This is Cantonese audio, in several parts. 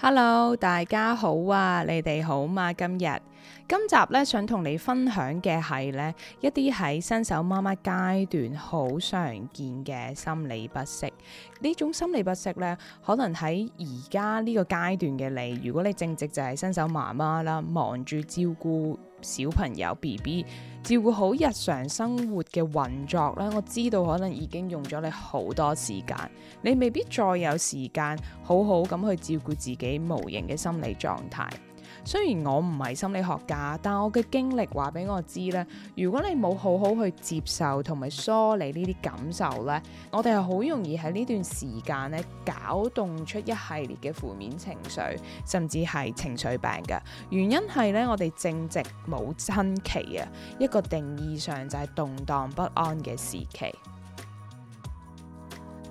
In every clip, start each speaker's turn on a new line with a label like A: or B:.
A: Hello，大家好啊，你哋好嘛？今日今集咧，想同你分享嘅係咧一啲喺新手媽媽階段好常見嘅心理不適。呢種心理不適咧，可能喺而家呢個階段嘅你，如果你正值就係新手媽媽啦，忙住照顧。小朋友 BB，照顧好日常生活嘅運作咧，我知道可能已經用咗你好多時間，你未必再有時間好好咁去照顧自己無形嘅心理狀態。雖然我唔係心理學家，但我嘅經歷話俾我知咧。如果你冇好好去接受同埋梳理呢啲感受咧，我哋係好容易喺呢段時間咧搞動出一系列嘅負面情緒，甚至係情緒病嘅。原因係咧，我哋正值母親期啊，一個定義上就係動盪不安嘅時期。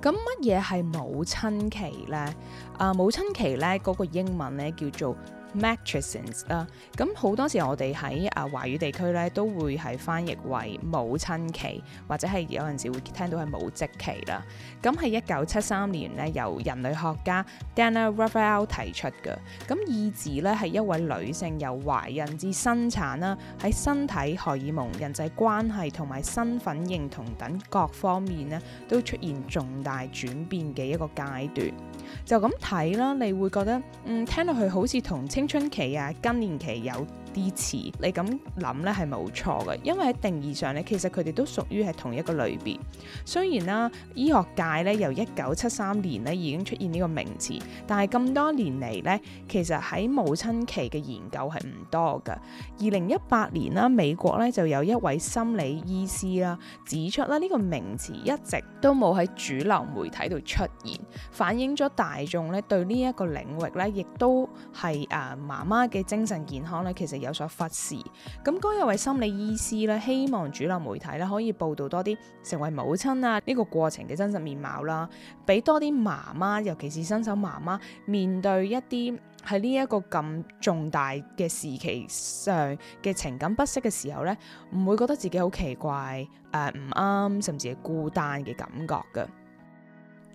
A: 咁乜嘢係母親期咧？啊，母親期咧嗰個英文咧叫做 Matrescence 啦，咁好、啊、多時我哋喺啊華語地區咧，都會係翻譯為母親期，或者係有陣時會聽到係母職期啦。咁係一九七三年咧，由人類學家 Dana Raphael 提出嘅。咁意指咧係一位女性由懷孕至生產啦，喺身體荷爾蒙、人際關係同埋身份認同等各方面咧，都出現重大轉變嘅一個階段。就咁睇啦，你會覺得，嗯，聽落去好似同青春期呀、更年期有啲你咁諗咧係冇錯嘅，因為喺定義上咧，其實佢哋都屬於係同一個類別。雖然啦，醫學界咧由一九七三年咧已經出現呢個名詞，但係咁多年嚟咧，其實喺母親期嘅研究係唔多㗎。二零一八年啦，美國咧就有一位心理醫師啦指出啦，呢個名詞一直都冇喺主流媒體度出現，反映咗大眾咧對呢一個領域咧，亦都係誒媽媽嘅精神健康咧，其實有所忽視，咁該有位心理醫師咧，希望主流媒體咧可以報道多啲成為母親啊呢個過程嘅真實面貌啦，俾多啲媽媽，尤其是新手媽媽，面對一啲喺呢一個咁重大嘅時期上嘅情感不適嘅時候咧，唔會覺得自己好奇怪誒唔啱，甚至係孤單嘅感覺噶。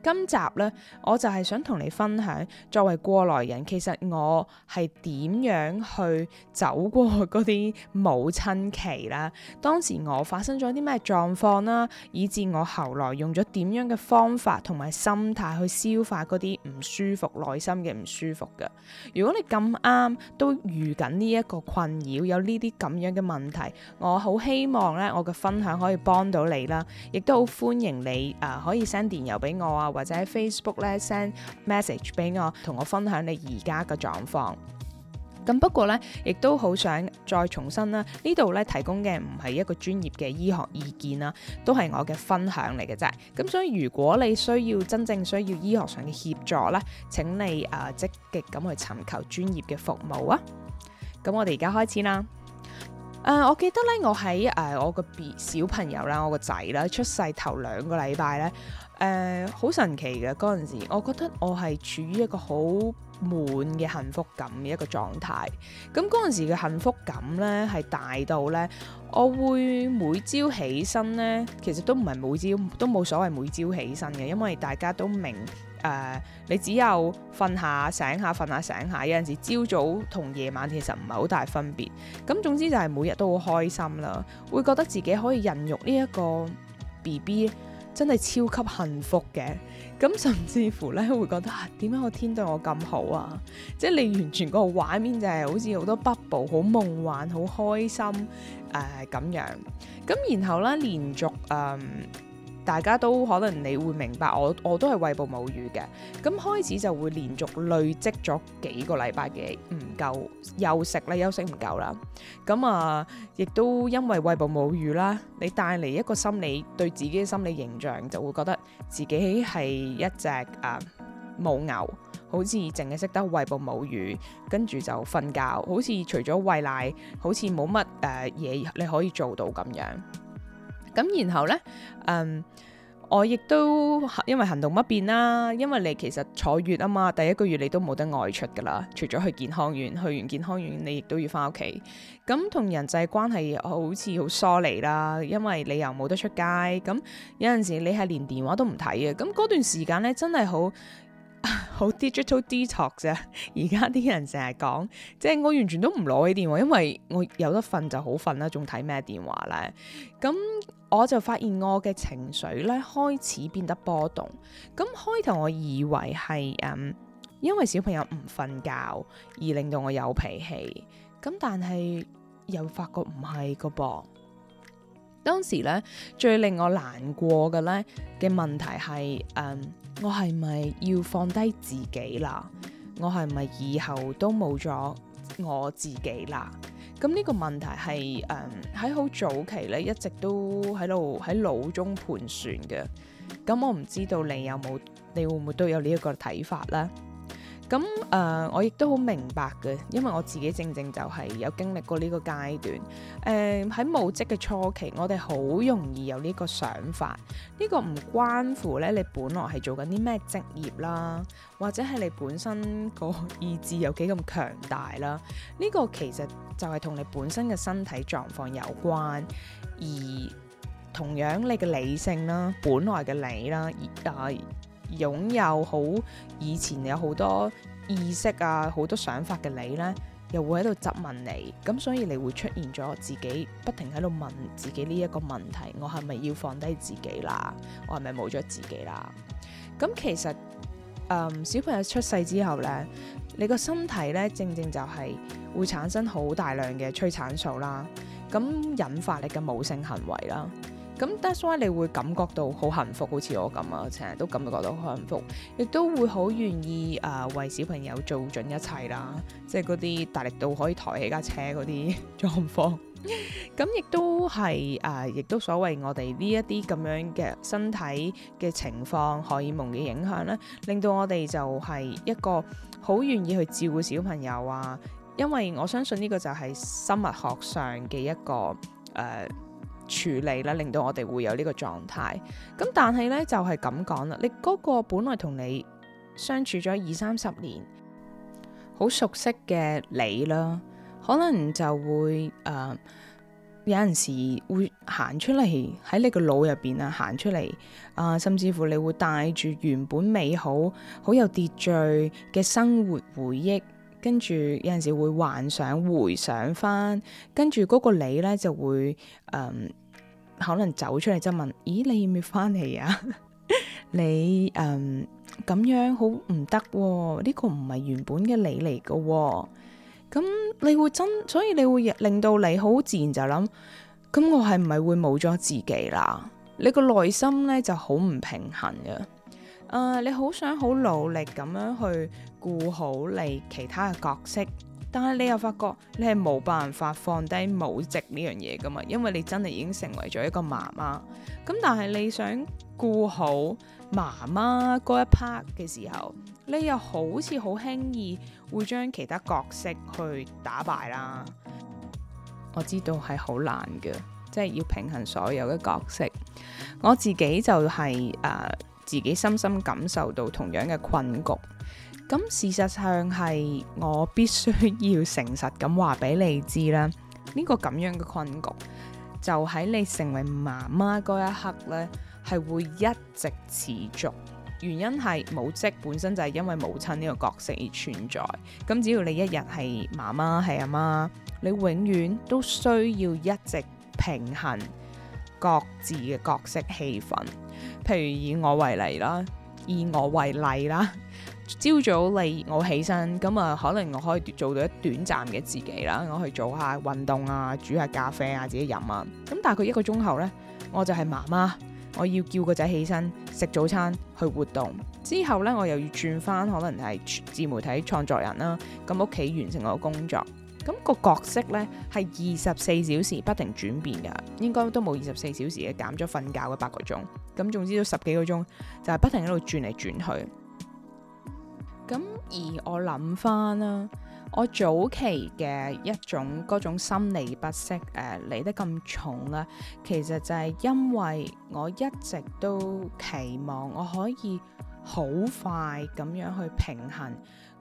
A: 今集咧，我就係想同你分享，作為過來人，其實我係點樣去走過嗰啲母親期啦？當時我發生咗啲咩狀況啦，以至我後來用咗點樣嘅方法同埋心態去消化嗰啲唔舒服、內心嘅唔舒服㗎。如果你咁啱都遇緊呢一個困擾，有呢啲咁樣嘅問題，我好希望咧，我嘅分享可以幫到你啦，亦都好歡迎你誒、呃，可以 send 電郵俾我啊！或者喺 Facebook 咧 send message 俾我，同我分享你而家嘅狀況。咁不過咧，亦都好想再重申啦。呢度咧，提供嘅唔係一個專業嘅醫學意見啦，都係我嘅分享嚟嘅啫。咁所以如果你需要真正需要醫學上嘅協助咧，請你誒積極咁去尋求專業嘅服務啊。咁我哋而家開始啦。誒，uh, 我記得咧，我喺誒、uh, 我個別小朋友啦，我個仔啦，出世頭兩個禮拜咧，誒，好神奇嘅，嗰陣時，我覺得我係處於一個好滿嘅幸福感嘅一個狀態。咁嗰陣時嘅幸福感咧，係大到咧，我會每朝起身咧，其實都唔係每朝，都冇所謂每朝起身嘅，因為大家都明。誒，uh, 你只有瞓下醒下，瞓下醒下，有陣時朝早同夜晚其實唔係好大分別。咁總之就係每日都好開心啦，會覺得自己可以孕育呢一個 BB，真係超級幸福嘅。咁甚至乎咧會覺得啊，點解個天對我咁好啊？即係你完全個畫面就係好似好多 bubble、好夢幻，好開心誒咁、呃、樣。咁然後咧連續誒。嗯大家都可能你會明白，我我都係餵哺母乳嘅，咁開始就會連續累積咗幾個禮拜嘅唔夠休息啦，休息唔夠啦，咁啊亦都因為餵哺母乳啦，你帶嚟一個心理對自己嘅心理形象就會覺得自己係一隻啊母牛，好似淨係識得餵哺母乳，跟住就瞓覺，好似除咗餵奶，好似冇乜誒嘢你可以做到咁樣。咁然後咧，嗯、um,，我亦都因為行動不便啦，因為你其實坐月啊嘛，第一個月你都冇得外出噶啦，除咗去健康院，去完健康院你亦都要翻屋企。咁、嗯、同人際關係好似好疏離啦，因為你又冇得出街，咁、嗯、有陣時你係連電話都唔睇嘅，咁、嗯、嗰段時間咧真係好。好 digital detox 啫，而家啲人成日講，即係我完全都唔攞起電話，因為我有得瞓就好瞓啦，仲睇咩電話咧？咁我就發現我嘅情緒咧開始變得波動。咁開頭我以為係嗯因為小朋友唔瞓覺而令到我有脾氣，咁但係又發覺唔係噶噃。當時咧最令我難過嘅咧嘅問題係嗯。我係咪要放低自己啦？我係咪以後都冇咗我自己啦？咁呢個問題係誒喺好早期咧，一直都喺度喺腦中盤旋嘅。咁我唔知道你有冇，你會唔會都有呢一個睇法咧？咁誒、呃，我亦都好明白嘅，因為我自己正正就係有經歷過呢個階段。誒喺母職嘅初期，我哋好容易有呢個想法。呢、這個唔關乎咧你本來係做緊啲咩職業啦，或者係你本身個意志有幾咁強大啦。呢、這個其實就係同你本身嘅身體狀況有關，而同樣你嘅理性啦，本來嘅你啦，而啊。擁有好以前有好多意識啊，好多想法嘅你呢，又會喺度質問你，咁所以你會出現咗自己不停喺度問自己呢一個問題：我係咪要放低自己啦？我係咪冇咗自己啦？咁其實，嗯，小朋友出世之後呢，你個身體呢，正正就係會產生好大量嘅催產素啦，咁引發你嘅母性行為啦。咁 that's why，你會感覺到好幸福，好似我咁啊，成日都感覺到好幸福，亦都會好願意啊，為小朋友做盡一切啦，即係嗰啲大力度可以抬起架車嗰啲狀況。咁亦都係啊，亦都所謂我哋呢一啲咁樣嘅身體嘅情況荷爾蒙嘅影響咧，令到我哋就係一個好願意去照顧小朋友啊，因為我相信呢個就係生物學上嘅一個誒。處理啦，令到我哋會有呢個狀態。咁但係呢，就係咁講啦，你嗰個本來同你相處咗二三十年，好熟悉嘅你啦，可能就會誒、呃、有陣時會行出嚟喺你個腦入邊啊，行出嚟啊，甚至乎你會帶住原本美好、好有秩序嘅生活回憶。跟住有陣時會幻想回想翻，跟住嗰個你咧就會，嗯、呃，可能走出嚟就問：咦，你要唔要翻嚟啊？ 你，嗯、呃，咁樣好唔得？呢個唔係原本嘅你嚟噶、啊，咁你會真，所以你會令到你好自然就諗：咁我係唔係會冇咗自己啦？你個內心咧就好唔平衡嘅。啊！Uh, 你好想好努力咁樣去顧好你其他嘅角色，但係你又發覺你係冇辦法放低母職呢樣嘢噶嘛？因為你真係已經成為咗一個媽媽。咁但係你想顧好媽媽嗰一 part 嘅時候，你又好似好輕易會將其他角色去打敗啦。我知道係好難嘅，即係要平衡所有嘅角色。我自己就係、是、誒。Uh, 自己深深感受到同樣嘅困局，咁事實上係我必須要誠實咁話俾你知啦。呢、這個咁樣嘅困局就喺你成為媽媽嗰一刻咧，係會一直持續。原因係母職本身就係因為母親呢個角色而存在。咁只要你一日係媽媽，係阿媽、媽，你永遠都需要一直平衡各自嘅角色氣氛。譬如以我為例啦，以我為例啦，朝早呢我起身，咁啊可能我可以做到一短暫嘅自己啦，我去做下運動啊，煮下咖啡啊，自己飲啊。咁但係佢一個鐘後呢，我就係媽媽，我要叫個仔起身食早餐去活動，之後呢，我又要轉翻可能係自媒體創作人啦，咁屋企完成我嘅工作。咁個角色咧係二十四小時不停轉變噶，應該都冇二十四小時嘅減咗瞓覺嘅八個鐘，咁總之都十幾個鐘就係不停喺度轉嚟轉去。咁而我諗翻啦，我早期嘅一種嗰種心理不適誒嚟得咁重啦，其實就係因為我一直都期望我可以好快咁樣去平衡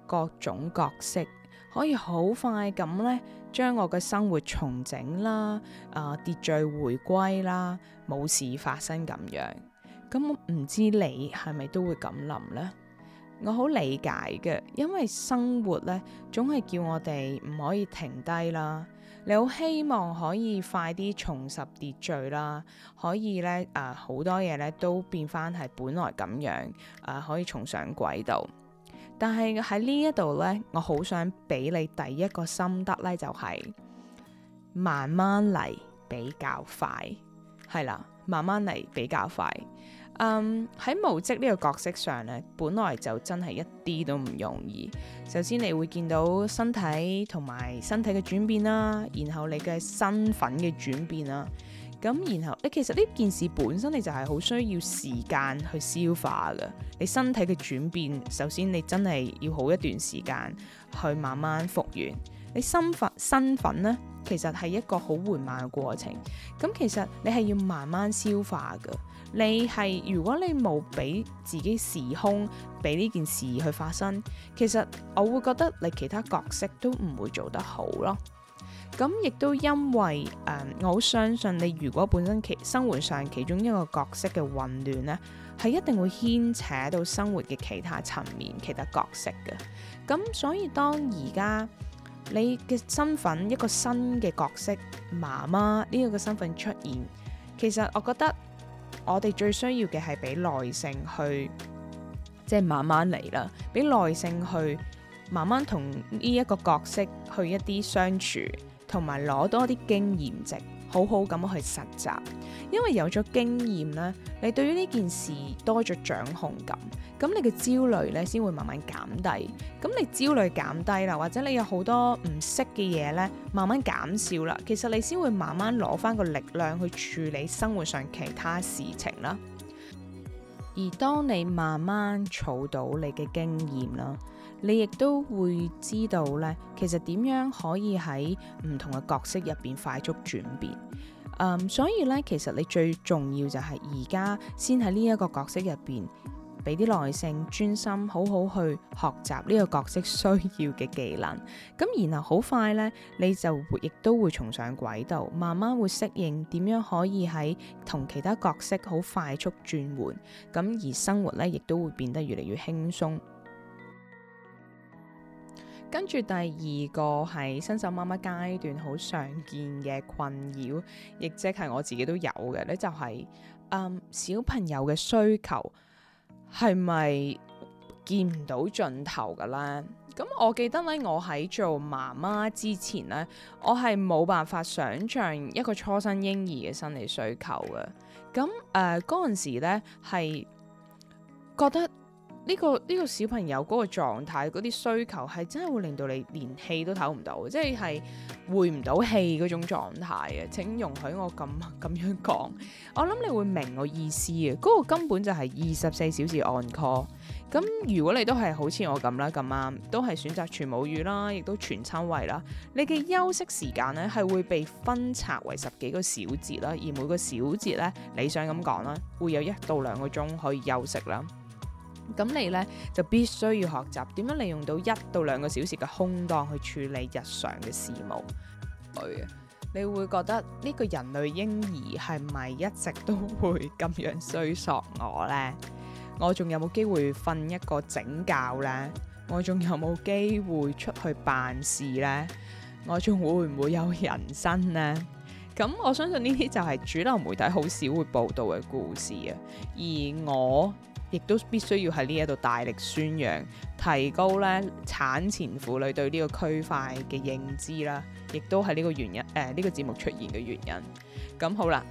A: 各種角色。可以好快咁咧，將我嘅生活重整啦，啊，秩序回歸啦，冇事發生咁樣。咁、嗯、唔知你係咪都會咁諗呢？我好理解嘅，因為生活咧總係叫我哋唔可以停低啦。你好希望可以快啲重拾秩序啦，可以咧啊好多嘢咧都變翻係本來咁樣啊，可以重上軌道。但係喺呢一度呢，我好想俾你第一個心得呢，就係，就係慢慢嚟比較快，係啦，慢慢嚟比較快。嗯，喺母職呢個角色上呢，本來就真係一啲都唔容易。首先你會見到身體同埋身體嘅轉變啦，然後你嘅身份嘅轉變啦。咁然後，你其實呢件事本身你就係好需要時間去消化嘅。你身體嘅轉變，首先你真係要好一段時間去慢慢復原。你身份身份呢，其實係一個好緩慢嘅過程。咁其實你係要慢慢消化嘅。你係如果你冇俾自己時空俾呢件事去發生，其實我會覺得你其他角色都唔會做得好咯。咁亦都因為誒、呃，我好相信你。如果本身其生活上其中一個角色嘅混亂呢，係一定會牽扯到生活嘅其他層面，其他角色嘅。咁所以當而家你嘅身份，一個新嘅角色媽媽呢個身份出現，其實我覺得我哋最需要嘅係俾耐性去，即係慢慢嚟啦。俾耐性去慢慢同呢一個角色去一啲相處。同埋攞多啲經驗值，好好咁去實習，因為有咗經驗咧，你對於呢件事多咗掌控感，咁你嘅焦慮咧先會慢慢減低，咁你焦慮減低啦，或者你有好多唔識嘅嘢咧，慢慢減少啦，其實你先會慢慢攞返個力量去處理生活上其他事情啦。而當你慢慢儲到你嘅經驗啦，你亦都會知道咧，其實點樣可以喺唔同嘅角色入邊快速轉變。嗯，所以咧，其實你最重要就係而家先喺呢一個角色入邊。俾啲耐性，專心，好好去學習呢個角色需要嘅技能。咁然後好快呢，你就亦都會重上軌道，慢慢會適應點樣可以喺同其他角色好快速轉換。咁而生活呢，亦都會變得越嚟越輕鬆。跟住第二個係新手媽媽階段好常見嘅困擾，亦即係我自己都有嘅呢，就係、係嗯、小朋友嘅需求。係咪見唔到盡頭噶啦？咁我記得咧，我喺做媽媽之前咧，我係冇辦法想象一個初生嬰兒嘅生理需求嘅。咁誒、嗰、呃、陣時咧係覺得呢、這個呢、這個小朋友嗰個狀態，嗰啲需求係真係會令到你連氣都唞唔到，即係。回唔到氣嗰種狀態啊！請容許我咁咁樣講，我諗你會明我意思嘅。嗰個根本就係二十四小時 on call。咁如果你都係好似我咁啦，咁啱都係選擇全母乳啦，亦都全親餵啦，你嘅休息時間咧係會被分拆為十幾個小節啦，而每個小節咧，理想咁講啦，會有一到兩個鐘可以休息啦。咁你呢就必須要學習點樣利用到一到兩個小時嘅空檔去處理日常嘅事務。對，你會覺得呢個人類嬰兒係咪一直都會咁樣衰索我呢？我仲有冇機會瞓一個整覺呢？我仲有冇機會出去辦事呢？我仲會唔會有人生呢？咁我相信呢啲就係主流媒體好少會報道嘅故事啊，而我亦都必須要喺呢一度大力宣揚，提高咧產前婦女對呢個區塊嘅認知啦，亦都係呢個原因誒呢、呃呢個節目出現嘅原因。咁、嗯、好啦，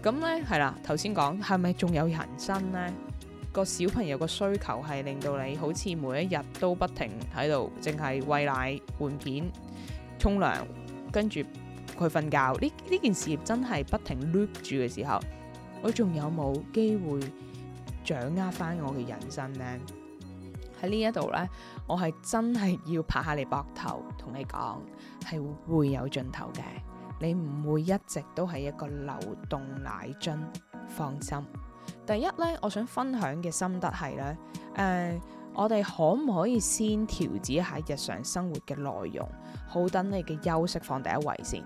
A: 咁咧係啦，頭先講係咪仲有人生呢？個小朋友個需求係令到你好似每一日都不停喺度，淨係餵奶、換片、沖涼，跟住，去瞓覺呢？呢件事業真係不停 loop 住嘅時候，我仲有冇機會掌握翻我嘅人生呢？喺呢一度呢，我係真係要拍下你膊頭，同你講係會有盡頭嘅。你唔會一直都係一個流動奶樽，放心。第一呢，我想分享嘅心得係呢誒、呃，我哋可唔可以先調節一下日常生活嘅內容，好等你嘅休息放第一位先。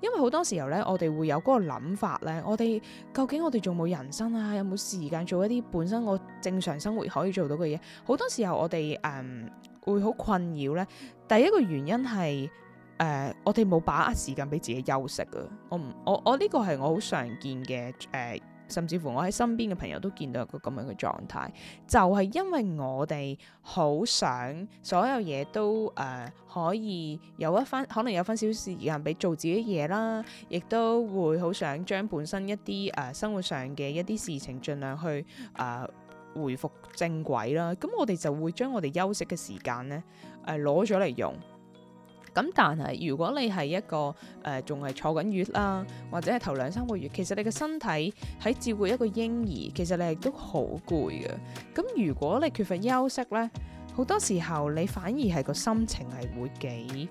A: 因為好多時候咧，我哋會有嗰個諗法咧，我哋究竟我哋仲冇人生啊，有冇時間做一啲本身我正常生活可以做到嘅嘢？好多時候我哋誒、嗯、會好困擾咧。第一個原因係誒、呃、我哋冇把握時間俾自己休息嘅。我唔我我呢個係我好常見嘅誒。呃甚至乎我喺身邊嘅朋友都見到一個咁樣嘅狀態，就係、是、因為我哋好想所有嘢都誒、呃、可以有一番可能有分少少時間俾做自己嘢啦，亦都會好想將本身一啲誒、呃、生活上嘅一啲事情盡量去誒、呃、回復正軌啦。咁我哋就會將我哋休息嘅時間呢誒攞咗嚟用。咁但係如果你係一個誒，仲、呃、係坐緊月啦，或者係頭兩三個月，其實你嘅身體喺照顧一個嬰兒，其實你係都好攰嘅。咁如果你缺乏休息咧，好多時候你反而係個心情係會幾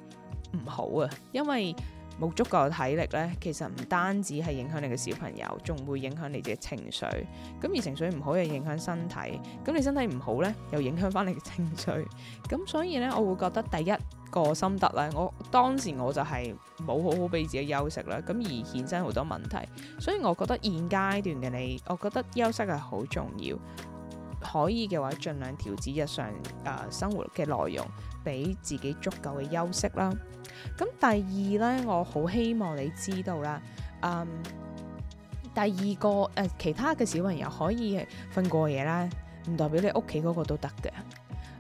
A: 唔好啊，因為。冇足夠嘅體力咧，其實唔單止係影響你嘅小朋友，仲會影響你嘅情緒。咁而情緒唔好又影響身體，咁你身體唔好咧，又影響翻你嘅情緒。咁所以咧，我會覺得第一個心得咧，我當時我就係冇好好俾自己休息啦，咁而衍生好多問題。所以我覺得現階段嘅你，我覺得休息係好重要。可以嘅話，儘量調節日常誒、呃、生活嘅內容。俾自己足夠嘅休息啦。咁第二咧，我好希望你知道啦。嗯，第二個誒、呃，其他嘅小朋友可以瞓過夜啦，唔代表你屋企嗰個都得嘅。誒、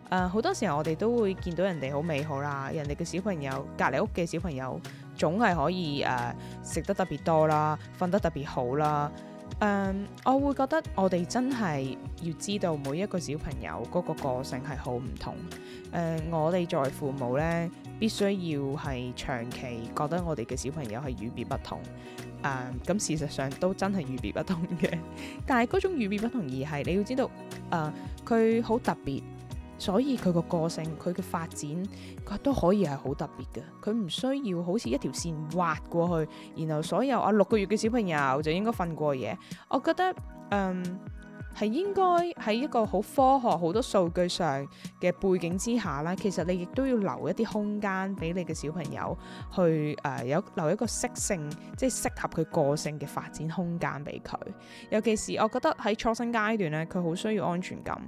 A: 呃，好多時候我哋都會見到人哋好美好啦，人哋嘅小朋友，隔離屋嘅小朋友總係可以誒食、呃、得特別多啦，瞓得特別好啦。誒，um, 我會覺得我哋真係要知道每一個小朋友嗰個個性係好唔同。誒、uh,，我哋作為父母咧，必須要係長期覺得我哋嘅小朋友係與別不同。誒，咁事實上都真係與別不同嘅， 但係嗰種與別不同而係你要知道，誒、uh,，佢好特別。所以佢個個性，佢嘅發展，佢都可以係好特別嘅。佢唔需要好似一條線滑過去，然後所有啊六個月嘅小朋友就應該瞓過夜。我覺得嗯係應該喺一個好科學好多數據上嘅背景之下啦，其實你亦都要留一啲空間俾你嘅小朋友去誒、呃、有留一個適性，即係適合佢個性嘅發展空間俾佢。尤其是我覺得喺初生階段咧，佢好需要安全感。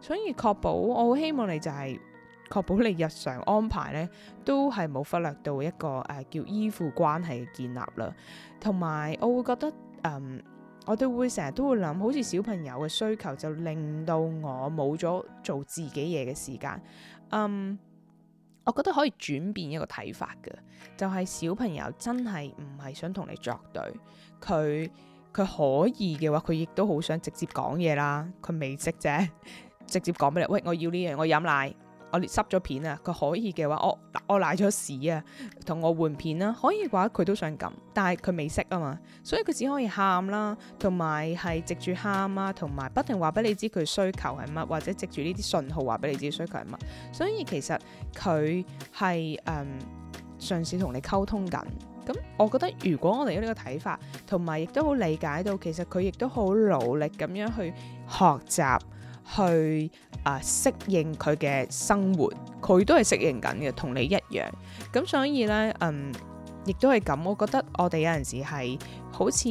A: 所以確保，我好希望你就係確保你日常安排咧，都係冇忽略到一個誒叫依附關係嘅建立啦，同埋我會覺得誒我哋會成日都會諗，好似小朋友嘅需求就令到我冇咗做自己嘢嘅時間。嗯，我覺得可以轉變一個睇法嘅，就係小朋友真係唔係想同你作對，佢佢可以嘅話，佢亦都好想直接講嘢啦，佢未識啫。直接講俾你喂，我要呢樣，我飲奶，我濕咗片啊。佢可以嘅話，我我瀨咗屎啊，同我換片啦。可以嘅話，佢都想咁，但係佢未識啊嘛，所以佢只可以喊啦，同埋係藉住喊啊，同埋不停話俾你知佢需求係乜，或者藉住呢啲信號話俾你知需求係乜。所以其實佢係誒嘗試同你溝通緊。咁我覺得，如果我哋有呢個睇法，同埋亦都好理解到，其實佢亦都好努力咁樣去學習。去啊、呃、適應佢嘅生活，佢都係適應緊嘅，同你一樣。咁所以咧，嗯，亦都係咁，我覺得我哋有陣時係好似。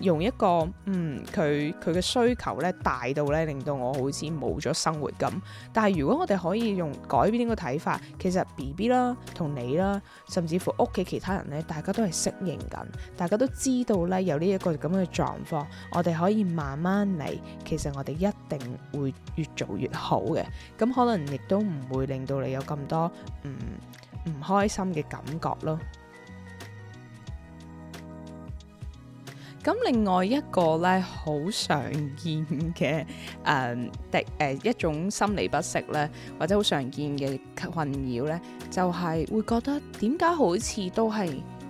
A: 用一個嗯，佢佢嘅需求咧大到咧，令到我好似冇咗生活咁。但係如果我哋可以用改變呢個睇法，其實 BB 啦、同你啦，甚至乎屋企其他人咧，大家都係適應緊，大家都知道咧有呢一個咁嘅狀況，我哋可以慢慢嚟。其實我哋一定會越做越好嘅。咁可能亦都唔會令到你有咁多唔唔、嗯、開心嘅感覺咯。咁另外一個咧，好常見嘅誒的誒、嗯呃、一種心理不適咧，或者好常見嘅困擾咧，就係、是、會覺得點解好似都係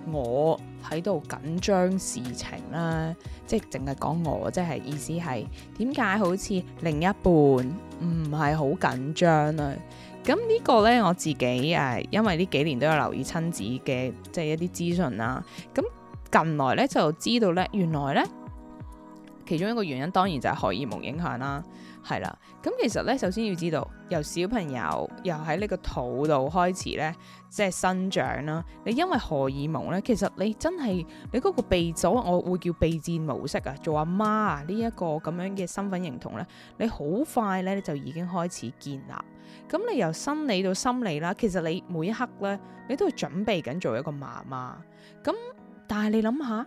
A: 我喺度緊張事情啦，即係淨係講我，即係意思係點解好似另一半唔係好緊張啦？咁呢個咧，我自己誒，因為呢幾年都有留意親子嘅即係一啲資訊啦，咁。近來咧就知道咧，原來咧，其中一個原因當然就係荷爾蒙影響啦，係啦。咁其實咧，首先要知道，由小朋友又喺呢個肚度開始咧，即係生長啦。你因為荷爾蒙咧，其實你真係你嗰個備咗，我會叫備戰模式啊，做阿媽啊呢一個咁樣嘅身份認同咧，你好快咧就已經開始建立。咁你由生理到心理啦，其實你每一刻咧，你都係準備緊做一個媽媽。咁但係你諗下，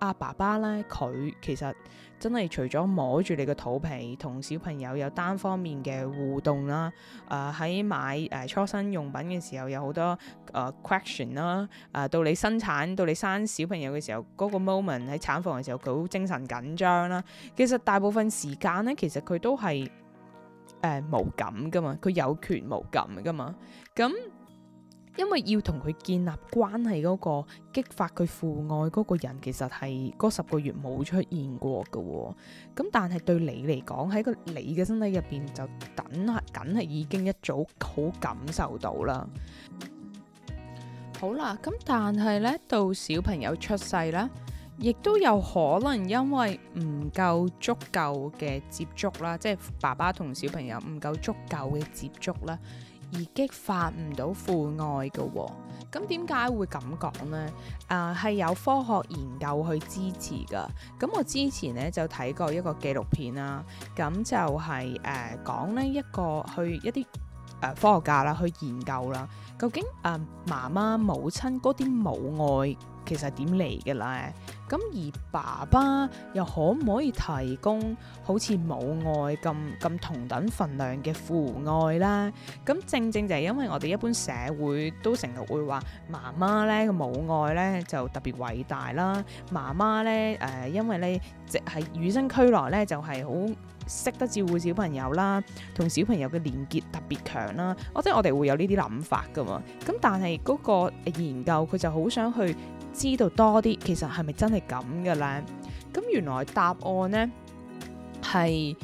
A: 阿爸爸咧，佢其實真係除咗摸住你個肚皮，同小朋友有單方面嘅互動啦。啊、呃，喺買誒、呃、初生用品嘅時候有好多誒、呃、question 啦。啊、呃，到你生產，到你生小朋友嘅時候，嗰個 moment 喺產房嘅時候，佢好精神緊張啦。其實大部分時間咧，其實佢都係誒、呃、無感噶嘛，佢有權無感噶嘛。咁、嗯因為要同佢建立關係嗰個激發佢父愛嗰個人，其實係嗰十個月冇出現過噶，咁但係對你嚟講喺個你嘅身體入邊就梗係梗係已經一早好感受到啦。好啦，咁但係呢，到小朋友出世啦，亦都有可能因為唔夠足夠嘅接觸啦，即係爸爸同小朋友唔夠足夠嘅接觸啦。而激發唔到父愛嘅喎。哦，咁點解會咁講呢？啊、呃，係有科學研究去支持嘅。咁我之前咧就睇過一個紀錄片啦，咁就係、是、誒、呃、講呢一個去一啲誒、呃、科學家啦去研究啦，究竟誒媽媽、母親嗰啲母愛其實點嚟嘅咧？咁而爸爸又可唔可以提供好似母愛咁咁同等份量嘅父愛咧？咁正正就係因為我哋一般社會都成日會話媽媽咧嘅母愛咧就特別偉大啦，媽媽咧誒因為咧即係與生俱來咧就係、是、好。識得照顧小朋友啦，同小朋友嘅連結特別強啦，或者我哋會有呢啲諗法㗎嘛，咁但係嗰個研究佢就好想去知道多啲，其實係咪真係咁㗎呢？咁原來答案呢係。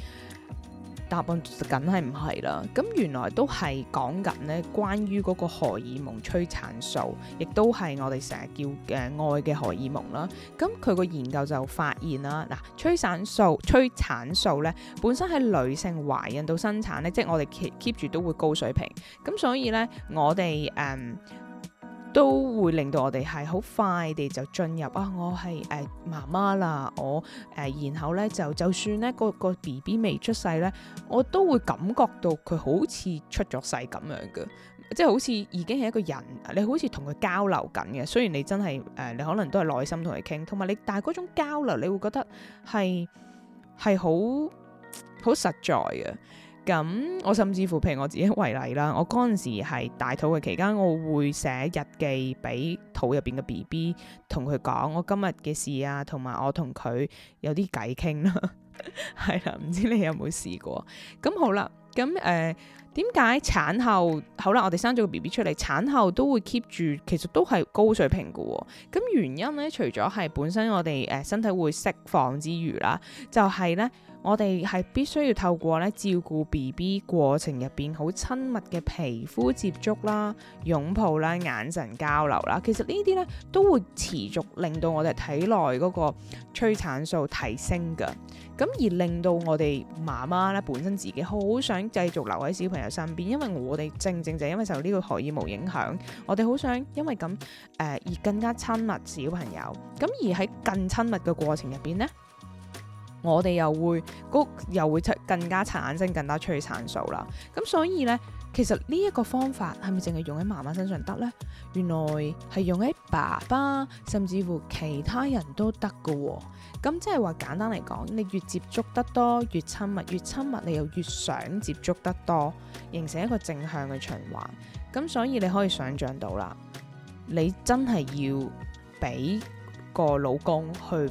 A: 答案就梗係唔係啦，咁原來都係講緊咧關於嗰個荷爾蒙催產素，亦都係我哋成日叫誒、呃、愛嘅荷爾蒙啦。咁佢個研究就發現啦，嗱、呃，催產素、催產素咧，本身喺女性懷孕到生產咧，即係我哋 keep keep 住都會高水平。咁所以咧，我哋誒。Um, 都會令到我哋係好快地就進入啊！我係誒、呃、媽媽啦，我誒、呃、然後咧就，就算咧個 B B 未出世咧，我都會感覺到佢好似出咗世咁樣嘅，即係好似已經係一個人，你好似同佢交流緊嘅。雖然你真係誒、呃，你可能都係內心同佢傾，同埋你但係嗰種交流你會覺得係係好好實在嘅。咁我甚至乎，譬如我自己為例啦，我嗰陣時係大肚嘅期間，我會寫日記俾肚入邊嘅 BB，同佢講我今日嘅事啊，同埋我同佢有啲偈傾咯。係啦，唔 知你有冇試過？咁好啦，咁誒，呃、點解產後好啦？我哋生咗個 BB 出嚟，產後都會 keep 住，其實都係高水平嘅、哦。咁原因咧，除咗係本身我哋誒身體會釋放之餘啦，就係、是、咧。我哋係必須要透過咧照顧 B B 過程入邊好親密嘅皮膚接觸啦、擁抱啦、眼神交流啦，其實呢啲咧都會持續令到我哋體內嗰個催產素提升噶，咁而令到我哋媽媽咧本身自己好想繼續留喺小朋友身邊，因為我哋正正就因為受呢個荷爾蒙影響，我哋好想因為咁誒、呃、而更加親密小朋友，咁而喺更親密嘅過程入邊咧。我哋又會嗰又會出更加產生，更加催產素啦。咁所以呢，其實呢一個方法係咪淨係用喺媽媽身上得呢？原來係用喺爸爸，甚至乎其他人都得㗎。咁即係話簡單嚟講，你越接觸得多，越親密，越親密，你又越想接觸得多，形成一個正向嘅循環。咁所以你可以想像到啦，你真係要俾個老公去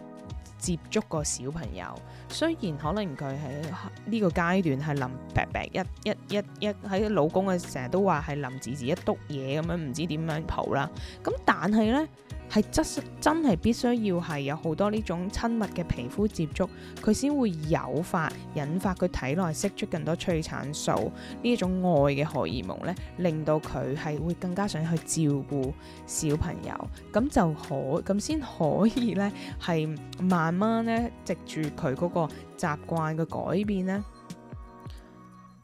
A: 接觸個小朋友，雖然可能佢喺呢個階段係林伯伯，一一一一喺老公嘅成日都話係林子字一篤嘢咁樣，唔知點樣抱啦。咁但係咧。係質真係必須要係有好多呢種親密嘅皮膚接觸，佢先會誘發、引發佢體內釋出更多催產素呢一種愛嘅荷爾蒙咧，令到佢係會更加想去照顧小朋友，咁就可咁先可以咧，係慢慢咧藉住佢嗰個習慣嘅改變咧，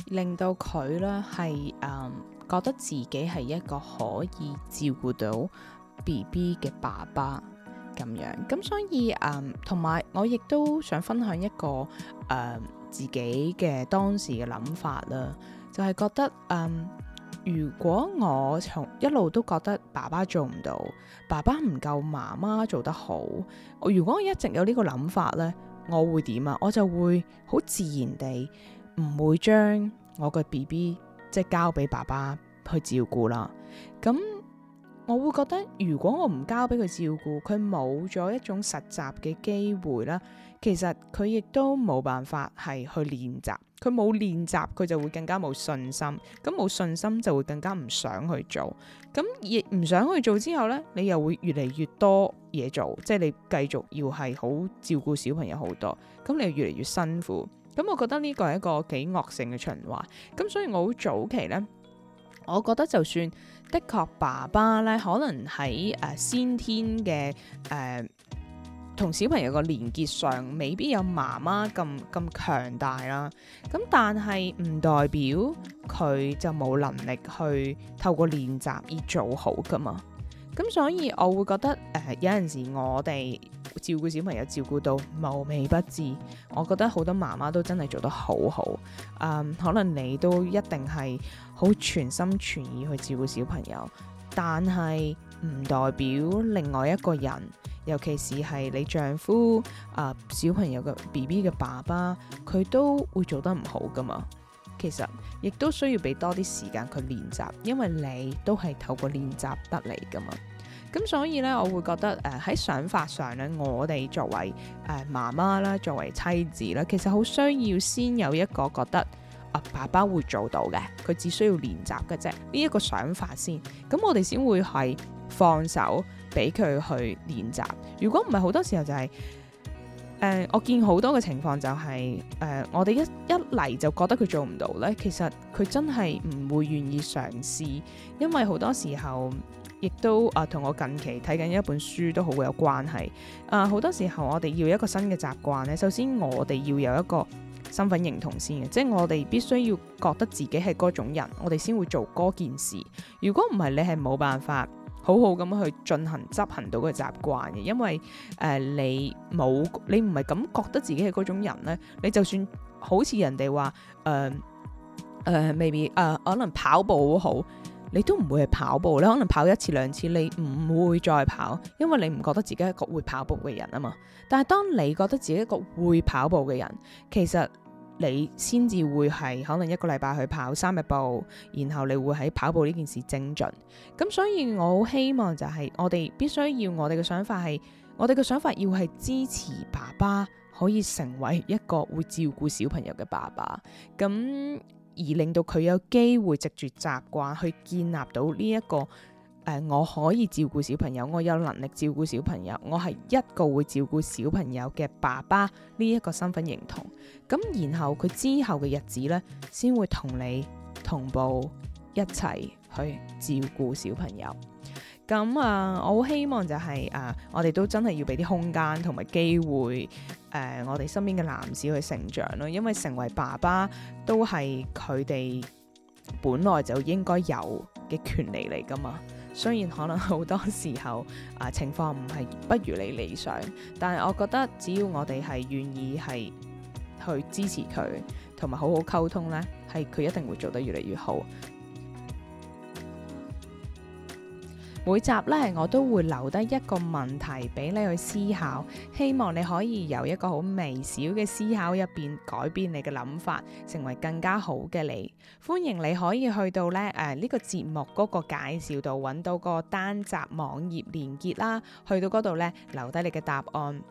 A: 令到佢咧係誒覺得自己係一個可以照顧到 B B 嘅爸爸咁樣，咁所以誒，同、嗯、埋我亦都想分享一個誒、嗯、自己嘅當時嘅諗法啦，就係、是、覺得誒、嗯，如果我從一路都覺得爸爸做唔到，爸爸唔夠媽媽做得好，我如果我一直有呢個諗法咧，我會點啊？我就會好自然地唔會將我個 B B 即係交俾爸爸去照顧啦，咁。我會覺得，如果我唔交俾佢照顧，佢冇咗一種實習嘅機會啦，其實佢亦都冇辦法係去練習，佢冇練習，佢就會更加冇信心，咁冇信心就會更加唔想去做，咁亦唔想去做之後呢，你又會越嚟越多嘢做，即係你繼續要係好照顧小朋友好多，咁你又越嚟越辛苦，咁我覺得呢個係一個幾惡性嘅循環，咁所以我好早期呢，我覺得就算。的確，爸爸咧可能喺誒、呃、先天嘅誒、呃、同小朋友嘅連結上，未必有媽媽咁咁強大啦。咁但係唔代表佢就冇能力去透過練習而做好㗎嘛。咁所以我會覺得誒有陣時我哋。照顧小朋友照顧到無微不至。我覺得好多媽媽都真係做得好好。嗯，可能你都一定係好全心全意去照顧小朋友，但係唔代表另外一個人，尤其是係你丈夫啊、呃、小朋友嘅 B B 嘅爸爸，佢都會做得唔好噶嘛。其實亦都需要俾多啲時間佢練習，因為你都係透過練習得嚟噶嘛。咁所以咧，我會覺得誒喺、呃、想法上咧，我哋作為誒、呃、媽媽啦，作為妻子啦，其實好需要先有一個覺得啊，爸爸會做到嘅，佢只需要練習嘅啫。呢、這、一個想法先，咁我哋先會係放手俾佢去練習。如果唔係，好多時候就係、是、誒、呃，我見好多嘅情況就係、是、誒、呃，我哋一一嚟就覺得佢做唔到咧。其實佢真係唔會願意嘗試，因為好多時候。亦都啊，同、呃、我近期睇緊一本書都好有關係。啊、呃，好多時候我哋要一個新嘅習慣咧，首先我哋要有一個身份認同先嘅，即係我哋必須要覺得自己係嗰種人，我哋先會做嗰件事。如果唔係，你係冇辦法好好咁去進行執行到個習慣嘅，因為誒、呃、你冇你唔係咁覺得自己係嗰種人咧，你就算好似人哋話誒誒 maybe 誒可能跑步好。你都唔會去跑步，你可能跑一次兩次，你唔會再跑，因為你唔覺得自己係一個會跑步嘅人啊嘛。但係當你覺得自己一個會跑步嘅人，其實你先至會係可能一個禮拜去跑三日步，然後你會喺跑步呢件事精進。咁所以我好希望就係、是、我哋必須要我哋嘅想法係，我哋嘅想法要係支持爸爸可以成為一個會照顧小朋友嘅爸爸。咁而令到佢有機會藉住習慣去建立到呢、這、一個誒、呃，我可以照顧小朋友，我有能力照顧小朋友，我係一個會照顧小朋友嘅爸爸呢一、這個身份認同。咁然後佢之後嘅日子呢，先會同你同步一齊去照顧小朋友。咁啊、嗯，我好希望就係、是、啊、呃，我哋都真係要俾啲空間同埋機會誒、呃，我哋身邊嘅男士去成長咯。因為成為爸爸都係佢哋本來就應該有嘅權利嚟㗎嘛。雖然可能好多時候啊、呃、情況唔係不如你理、理想，但係我覺得只要我哋係願意係去支持佢，同埋好好溝通咧，係佢一定會做得越嚟越好。每集咧，我都會留低一個問題俾你去思考，希望你可以由一個好微小嘅思考入邊改變你嘅諗法，成為更加好嘅你。歡迎你可以去到咧誒呢、呃這個節目嗰個介紹度，揾到個單集網頁連結啦，去到嗰度咧，留低你嘅答案。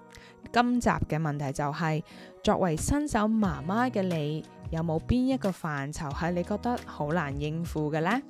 A: 今集嘅問題就係、是，作為新手媽媽嘅你，有冇邊一個範疇係你覺得好難應付嘅呢？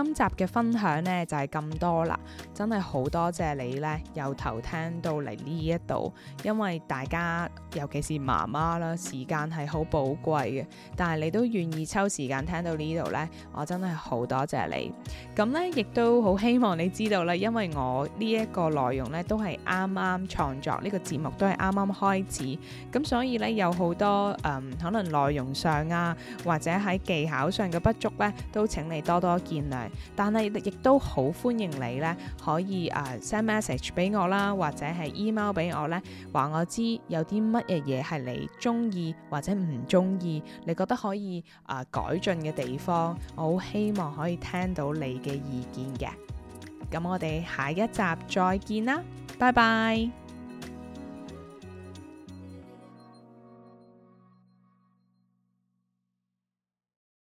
A: 今集嘅分享呢就係咁多啦，真係好多謝你呢由頭聽到嚟呢一度，因為大家尤其是媽媽啦，時間係好寶貴嘅，但係你都願意抽時間聽到呢度呢，我真係好多謝你。咁呢亦都好希望你知道啦，因為我呢一個內容呢都係啱啱創作，呢個節目都係啱啱開始，咁所以呢有好多誒、嗯、可能內容上啊，或者喺技巧上嘅不足呢都請你多多見諒。但係亦都好歡迎你咧，可以啊、uh, send message 俾我啦，或者係 email 俾我咧，話我知有啲乜嘢嘢係你中意或者唔中意，你覺得可以啊、uh, 改進嘅地方，我好希望可以聽到你嘅意見嘅。咁我哋下一集再見啦，拜拜。